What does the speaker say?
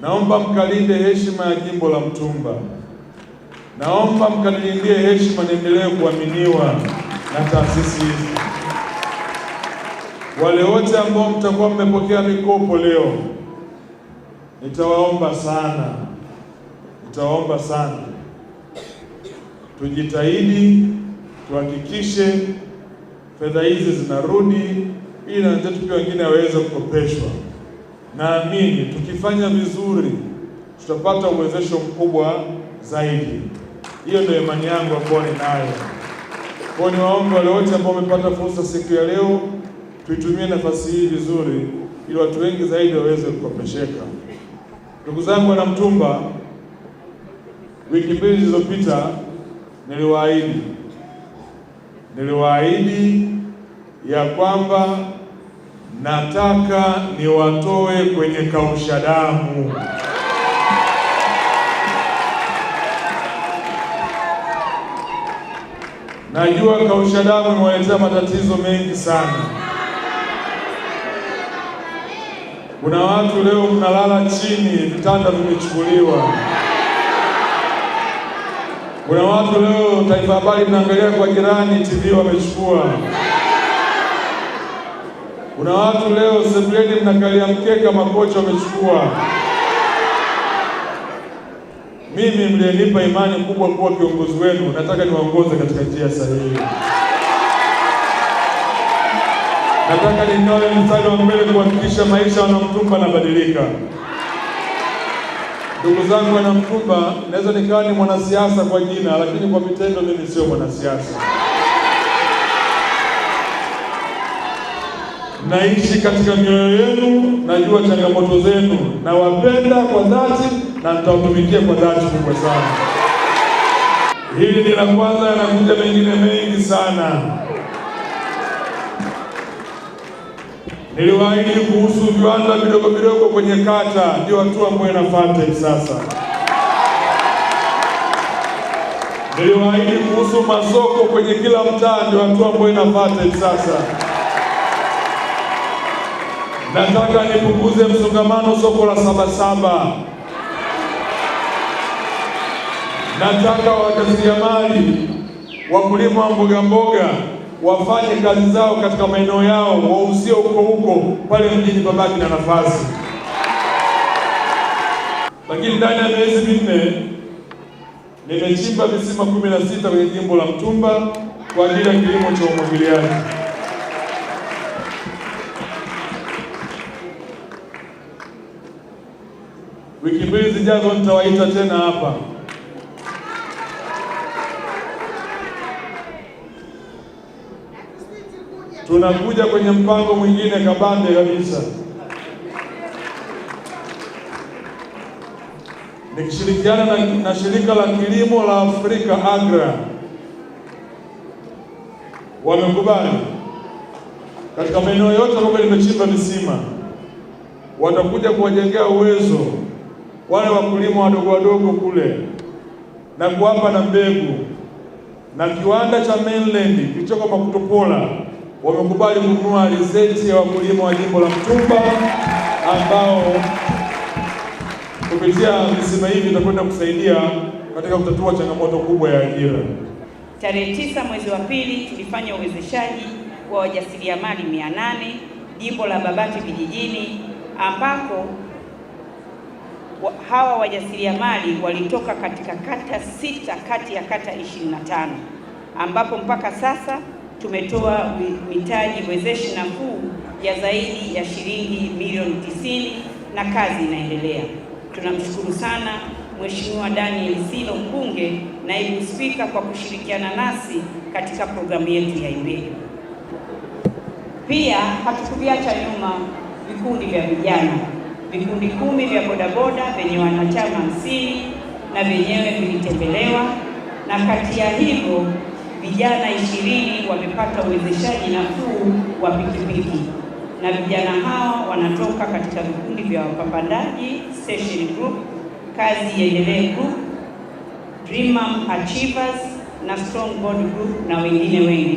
Naomba mkalinde heshima ya jimbo la Mtumba. Naomba mkanilindie heshima niendelee kuaminiwa na taasisi hizi. Wale wote ambao mtakuwa mmepokea mikopo leo, nitawaomba sana, nitawaomba sana, tujitahidi tuhakikishe fedha hizi zinarudi, ili na wenzetu pia wengine waweze kukopeshwa. Naamini tukifanya vizuri tutapata uwezesho mkubwa zaidi. Hiyo ndio imani yangu ambayo ninayo. Kwa ni waombe wale wote ambao wamepata fursa siku ya leo, tuitumie nafasi hii vizuri, ili watu wengi zaidi waweze kukopesheka. Ndugu zangu wana Mtumba, wiki mbili zilizopita niliwaahidi, niliwaahidi ya kwamba nataka niwatoe kwenye kausha damu. Najua kausha damu imewaletea matatizo mengi sana. Kuna watu leo mnalala chini, vitanda vimechukuliwa. Kuna watu leo Taifa Habari mnaangalia kwa jirani, TV wamechukua. Kuna watu leo sembleni mnakalia mkeka, makocha wamechukua. Mimi mlienipa imani kubwa kuwa kiongozi wenu, nataka niwaongoze katika njia sahihi. Nataka nikawe mstari wa mbele kuhakikisha maisha wanamtumba yanabadilika. Ndugu zangu wanamtumba, naweza nikawa ni mwanasiasa kwa jina, lakini kwa vitendo mimi sio mwanasiasa. naishi katika mioyo yenu, najua changamoto zenu, nawapenda kwa dhati na nitawatumikia kwa dhati kubwa sana. Hili ni la kwanza, yanakuja mengine mengi sana. Niliwaahidi kuhusu viwanda vidogo vidogo kwenye kata, ndio hatua ambayo inafuata hivi sasa. Niliwaahidi kuhusu masoko kwenye kila mtaa, ndio hatua ambayo inafuata hivi sasa nataka nipunguze msongamano soko la Sabasaba. Nataka wajasiriamali, wakulima wa mbogamboga wafanye kazi zao katika maeneo yao, wauzie huko huko pale mjini, babaki na nafasi. Lakini ndani ya miezi minne nimechimba visima kumi na sita kwenye jimbo la Mtumba kwa ajili ya kilimo cha umwagiliaji. Wiki mbili zijazo nitawaita tena hapa. Tunakuja kwenye mpango mwingine kabambe kabisa, nikishirikiana na, na shirika la kilimo la Afrika Agra wamekubali katika maeneo yote ambayo nimechimba visima, watakuja kuwajengea uwezo wale wakulima wadogo wadogo kule na kuwapa na mbegu, na kiwanda cha Mainland kilichoko kutopola wamekubali kununua alizeti ya wakulima wa jimbo la Mtumba ambao kupitia visima hivi itakwenda kusaidia katika kutatua changamoto kubwa ya ajira. Tarehe tisa mwezi wa pili tulifanya uwezeshaji wa wajasiriamali mia nane jimbo la Babati vijijini ambako hawa wajasiriamali walitoka katika kata sita kati ya kata 25 ambapo mpaka sasa tumetoa mitaji wezeshi nafuu ya zaidi ya shilingi milioni 90 na kazi inaendelea. Tunamshukuru sana Mheshimiwa Daniel Silo Mbunge, Naibu Spika, kwa kushirikiana nasi katika programu yetu ya Imbeju. Pia hatukuviacha nyuma vikundi vya vijana vikundi kumi vya bodaboda vyenye wanachama hamsini na vyenyewe vilitembelewa, na kati ya hivyo vijana ishirini wamepata uwezeshaji nafuu wa pikipiki, na vijana hao wanatoka katika vikundi vya wapambanaji Session Group, Kazi Iendelee Group, Dream Achievers na Bond Group na wengine wengi.